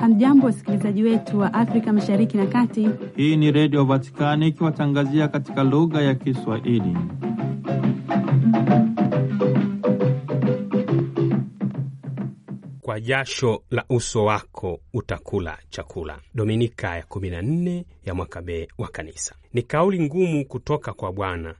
Hamjambo, wasikilizaji wetu wa Afrika mashariki na kati. Hii ni Redio Vatikani ikiwatangazia katika lugha ya Kiswahili. Kwa jasho la uso wako utakula chakula. Dominika ya 14 ya mwaka B wa Kanisa ni kauli ngumu kutoka kwa Bwana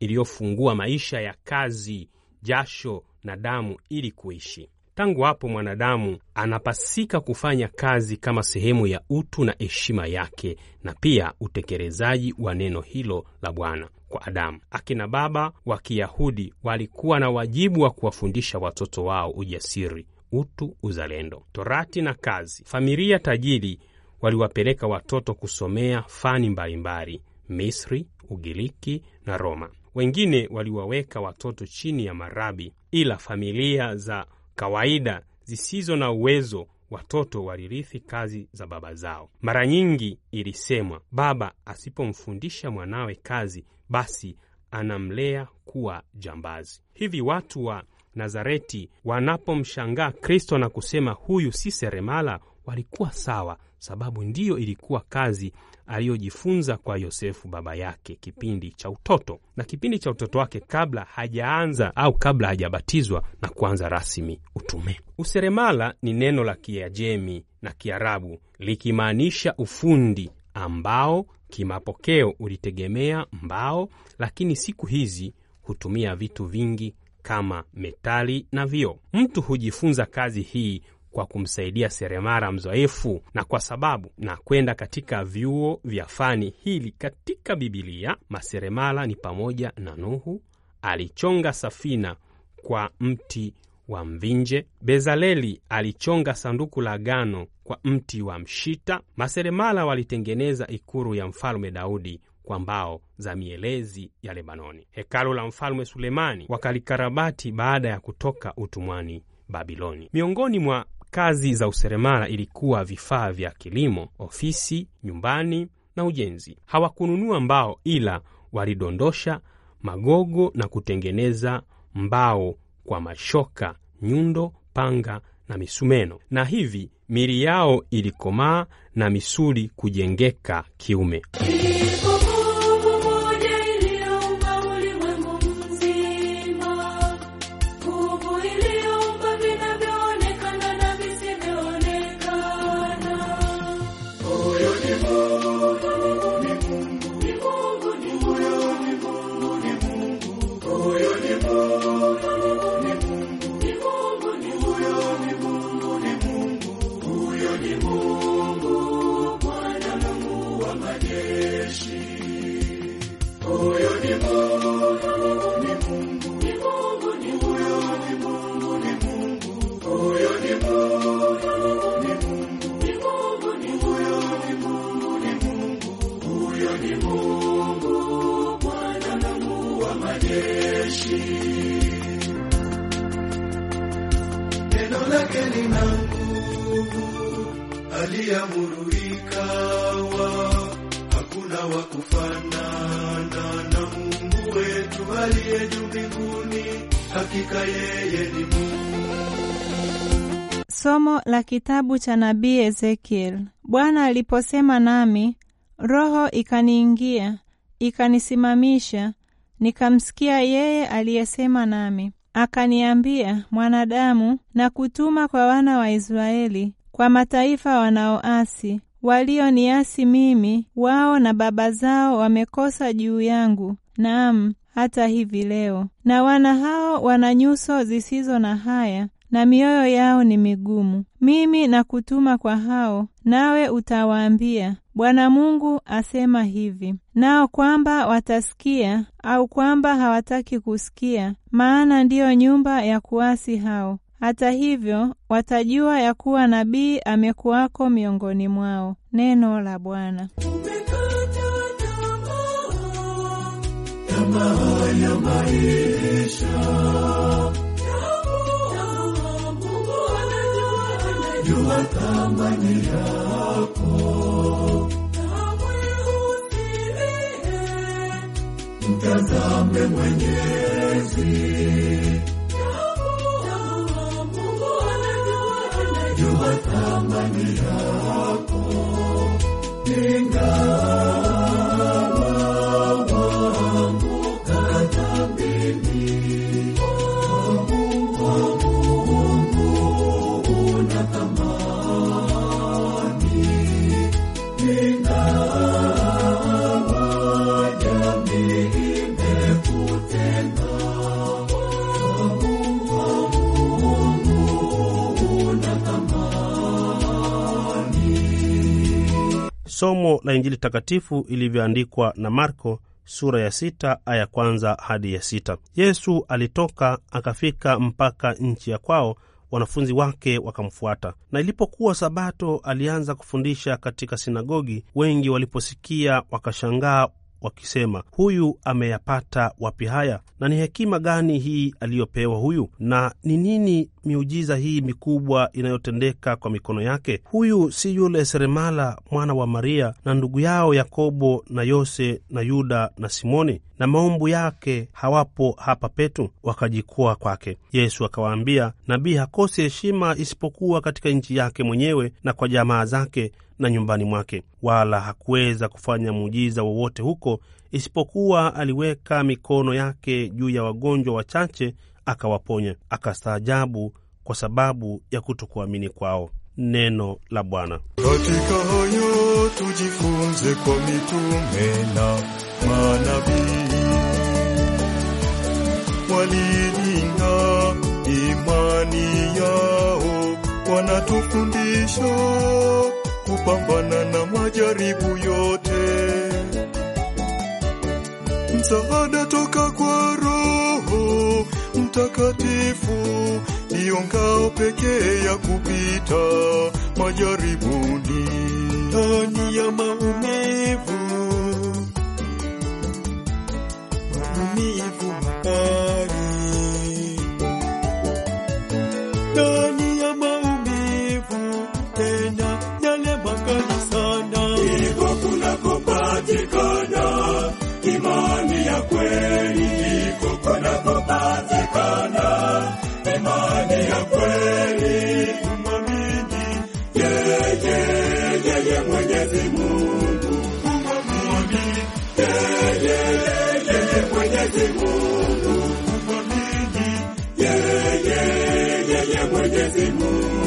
iliyofungua maisha ya kazi jasho na damu ili kuishi. Tangu hapo mwanadamu anapasika kufanya kazi kama sehemu ya utu na heshima yake na pia utekelezaji wa neno hilo la Bwana kwa Adamu. Akina baba wa Kiyahudi walikuwa na wajibu wa kuwafundisha watoto wao ujasiri, utu, uzalendo, torati na kazi. Familia tajiri waliwapeleka watoto kusomea fani mbalimbali Misri, Ugiriki na Roma. Wengine waliwaweka watoto chini ya marabi, ila familia za kawaida zisizo na uwezo watoto walirithi kazi za baba zao. Mara nyingi ilisemwa, baba asipomfundisha mwanawe kazi, basi anamlea kuwa jambazi. Hivi watu wa Nazareti wanapomshangaa Kristo na kusema huyu si seremala, walikuwa sawa, sababu ndiyo ilikuwa kazi aliyojifunza kwa Yosefu baba yake kipindi cha utoto na kipindi cha utoto wake kabla hajaanza au kabla hajabatizwa na kuanza rasmi utume. Useremala ni neno la Kiajemi na Kiarabu likimaanisha ufundi ambao kimapokeo ulitegemea mbao, lakini siku hizi hutumia vitu vingi kama metali na vioo. Mtu hujifunza kazi hii kwa kumsaidia seremara mzoefu na kwa sababu na kwenda katika vyuo vya fani hili katika Bibilia, maseremala ni pamoja na Nuhu alichonga safina kwa mti wa mvinje. Bezaleli alichonga sanduku la agano kwa mti wa mshita. Maseremala walitengeneza ikuru ya mfalme Daudi kwa mbao za mielezi ya Lebanoni. Hekalu la mfalme Sulemani wakalikarabati baada ya kutoka utumwani Babiloni. Miongoni mwa Kazi za useremala ilikuwa vifaa vya kilimo, ofisi, nyumbani na ujenzi. Hawakununua mbao, ila walidondosha magogo na kutengeneza mbao kwa mashoka, nyundo, panga na misumeno, na hivi miili yao ilikomaa na misuli kujengeka kiume. ni Mungu, Bwana Mungu wa majeshi. Huyo ni Mungu, ni Mungu, ni Mungu, Neno lake lina nguvu aliamuru ikawa, hakuna wa kufanana na Mungu wetu aliye juu mbinguni, hakika yeye ni Mungu. Somo la kitabu cha nabii Ezekiel. Bwana aliposema nami, roho ikaniingia ikanisimamisha, nikamsikia yeye aliyesema nami, akaniambia, mwanadamu, na kutuma kwa wana wa Israeli kwa mataifa wanaoasi walioniasi mimi, wao na baba zao wamekosa juu yangu, naam, hata hivi leo. Na wana hao wana nyuso zisizo na haya, na mioyo yao ni migumu. Mimi nakutuma kwa hao, nawe utawaambia, Bwana Mungu asema hivi, nao kwamba watasikia au kwamba hawataki kusikia, maana ndiyo nyumba ya kuasi hao hata hivyo watajua ya kuwa nabii amekuwako miongoni mwao. Neno la Bwana. Jua thamani mtazame Mwenyezi Amida, somo la Injili takatifu ilivyoandikwa na Marko sura ya sita aya kwanza hadi ya sita. Yesu alitoka akafika mpaka nchi ya kwao, wanafunzi wake wakamfuata. Na ilipokuwa Sabato, alianza kufundisha katika sinagogi. Wengi waliposikia wakashangaa, wakisema huyu ameyapata wapi haya, na ni hekima gani hii aliyopewa huyu, na ni nini miujiza hii mikubwa inayotendeka kwa mikono yake? Huyu si yule seremala mwana wa Maria na ndugu yao Yakobo na Yose na Yuda na Simoni? Na maumbu yake hawapo hapa petu? Wakajikua kwake. Yesu akawaambia, nabii hakosi heshima isipokuwa katika nchi yake mwenyewe na kwa jamaa zake na nyumbani mwake, wala hakuweza kufanya muujiza wowote huko, isipokuwa aliweka mikono yake juu ya wagonjwa wachache akawaponya, akastaajabu kwa sababu ya kutokuamini kwao. Neno la Bwana. Katika hayo tujifunze kwa mitume na manabii walilinda imani yao, wanatufundisha pambana na majaribu yote, msaada toka kwa Roho Mtakatifu ndiyo ngao pekee ya kupita majaribuni. Ndani ya maumivu maumivu kweli ndiko kunakopatikana imani ya kweli. Umwamini yeye yeye Mwenyezi Mungu, umwamini yeye yeye Mwenyezi Mungu, umwamini yeye yeye Mwenyezi Mungu.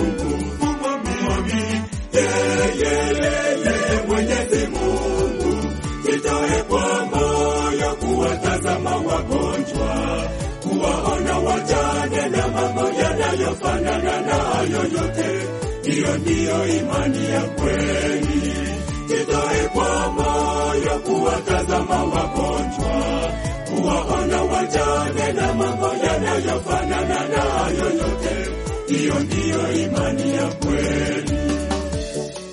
kufanana na hayo yote. Hiyo ndiyo imani ya kweli. Jitoe kwa moyo kuwatazama wagonjwa, kuwaona wajane na mambo yanayofanana na hayo yote. Hiyo ndiyo imani ya kweli.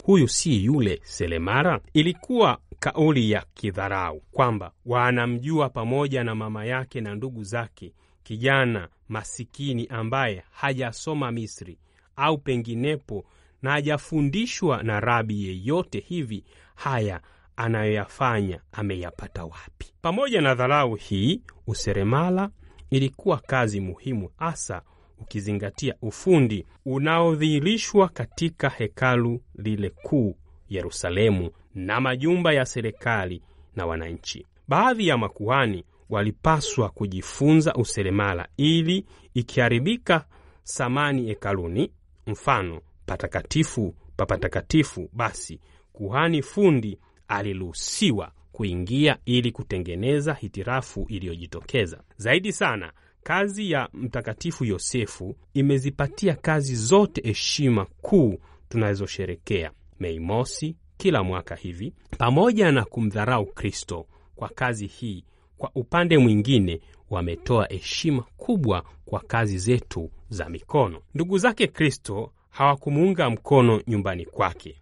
Huyu si yule Selemara? Ilikuwa kauli ya kidharau kwamba wanamjua pamoja na mama yake na ndugu zake kijana masikini ambaye hajasoma Misri au penginepo na hajafundishwa na rabi yeyote hivi haya anayoyafanya ameyapata wapi? Pamoja na dharau hii, useremala ilikuwa kazi muhimu, hasa ukizingatia ufundi unaodhihirishwa katika hekalu lile kuu Yerusalemu na majumba ya serikali na wananchi. Baadhi ya makuhani walipaswa kujifunza useremala ili ikiharibika samani hekaluni, mfano patakatifu papatakatifu, basi kuhani fundi aliruhusiwa kuingia ili kutengeneza hitirafu iliyojitokeza zaidi sana. Kazi ya Mtakatifu Yosefu imezipatia kazi zote heshima kuu tunazosherekea Mei Mosi kila mwaka hivi, pamoja na kumdharau Kristo. Kwa kazi hii kwa upande mwingine, wametoa heshima kubwa kwa kazi zetu za mikono. Ndugu zake Kristo hawakumuunga mkono nyumbani kwake.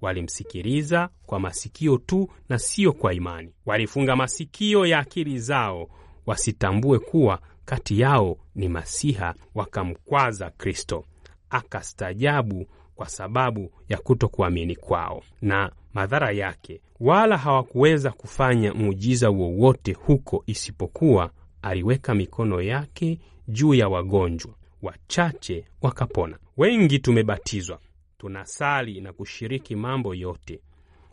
Walimsikiliza kwa masikio tu na siyo kwa imani. Walifunga masikio ya akili zao wasitambue kuwa kati yao ni Masiha, wakamkwaza Kristo. Akastajabu kwa sababu ya kutokuamini kwao na madhara yake, wala hawakuweza kufanya muujiza wowote huko, isipokuwa aliweka mikono yake juu ya wagonjwa, wachache wakapona. Wengi tumebatizwa, tunasali na kushiriki mambo yote.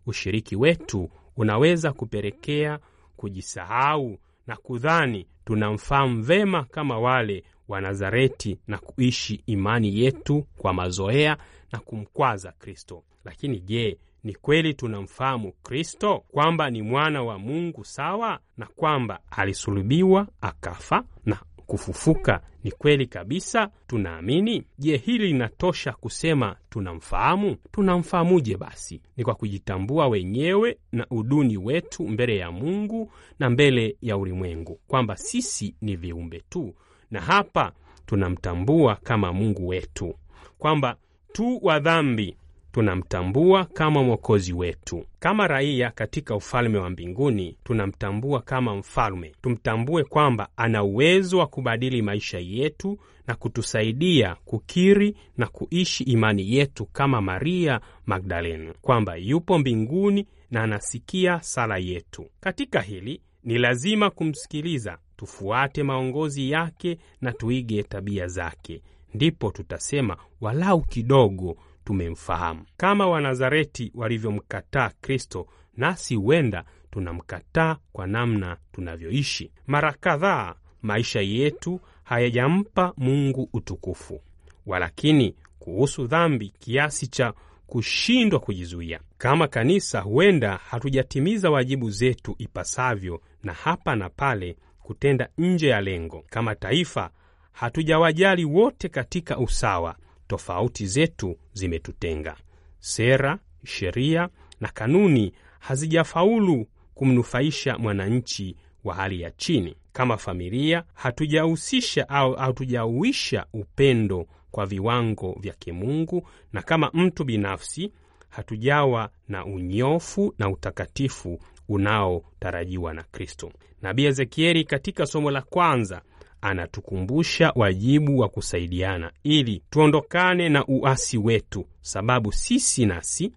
Ushiriki wetu unaweza kupelekea kujisahau na kudhani tunamfahamu vema kama wale wa Nazareti na kuishi imani yetu kwa mazoea na kumkwaza Kristo. Lakini je, ni kweli tunamfahamu Kristo kwamba ni mwana wa Mungu sawa, na kwamba alisulubiwa akafa na kufufuka? Ni kweli kabisa tunaamini. Je, hili linatosha kusema tunamfahamu? Tunamfahamuje basi? Ni kwa kujitambua wenyewe na uduni wetu mbele ya Mungu na mbele ya ulimwengu, kwamba sisi ni viumbe tu, na hapa tunamtambua kama Mungu wetu, kwamba tu wa dhambi tunamtambua kama mwokozi wetu. Kama raia katika ufalme wa mbinguni, tunamtambua kama mfalme. Tumtambue kwamba ana uwezo wa kubadili maisha yetu na kutusaidia kukiri na kuishi imani yetu kama Maria Magdalena, kwamba yupo mbinguni na anasikia sala yetu. Katika hili ni lazima kumsikiliza, tufuate maongozi yake na tuige tabia zake, ndipo tutasema walau kidogo tumemfahamu. Kama Wanazareti walivyomkataa Kristo, nasi huenda tunamkataa kwa namna tunavyoishi. Mara kadhaa maisha yetu hayajampa Mungu utukufu, walakini kuhusu dhambi kiasi cha kushindwa kujizuia. Kama kanisa, huenda hatujatimiza wajibu zetu ipasavyo, na hapa na pale kutenda nje ya lengo. Kama taifa, hatujawajali wote katika usawa, Tofauti zetu zimetutenga. Sera, sheria na kanuni hazijafaulu kumnufaisha mwananchi wa hali ya chini. Kama familia, hatujahusisha au hatujauisha upendo kwa viwango vya kimungu, na kama mtu binafsi hatujawa na unyofu na utakatifu unaotarajiwa na Kristo. Nabii Ezekieli katika somo la kwanza anatukumbusha wajibu wa kusaidiana ili tuondokane na uasi wetu, sababu sisi nasi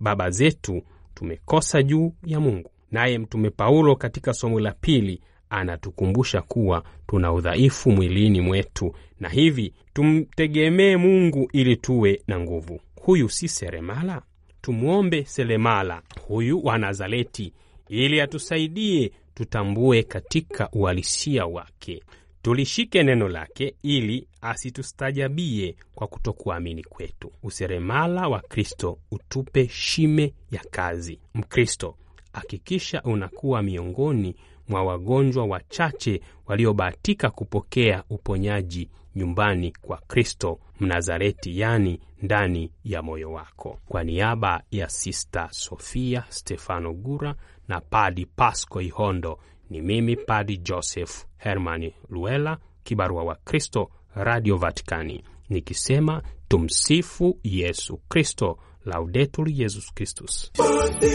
baba zetu tumekosa juu ya Mungu. Naye Mtume Paulo katika somo la pili anatukumbusha kuwa tuna udhaifu mwilini mwetu, na hivi tumtegemee Mungu ili tuwe na nguvu. Huyu si seremala, tumwombe seremala huyu wa Nazareti ili atusaidie tutambue katika uhalisia wake. Tulishike neno lake ili asitustajabie kwa kutokuamini kwetu. Useremala wa Kristo utupe shime ya kazi. Mkristo, hakikisha unakuwa miongoni mwa wagonjwa wachache waliobahatika kupokea uponyaji nyumbani kwa Kristo Mnazareti, yani ndani ya moyo wako. Kwa niaba ya Sista Sofia Stefano Gura na Padi Pasco Ihondo ni mimi Padi Joseph Hermani Luela, kibarua wa Kristo, Radio Vatikani, nikisema tumsifu Yesu Kristo, laudetur Yesus Kristus. Basi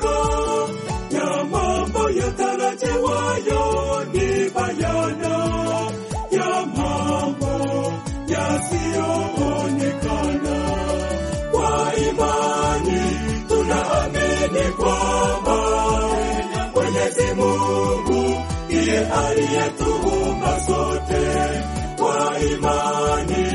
hakika ya mambo yatarajiwayo aliyetuumba sote kwa imani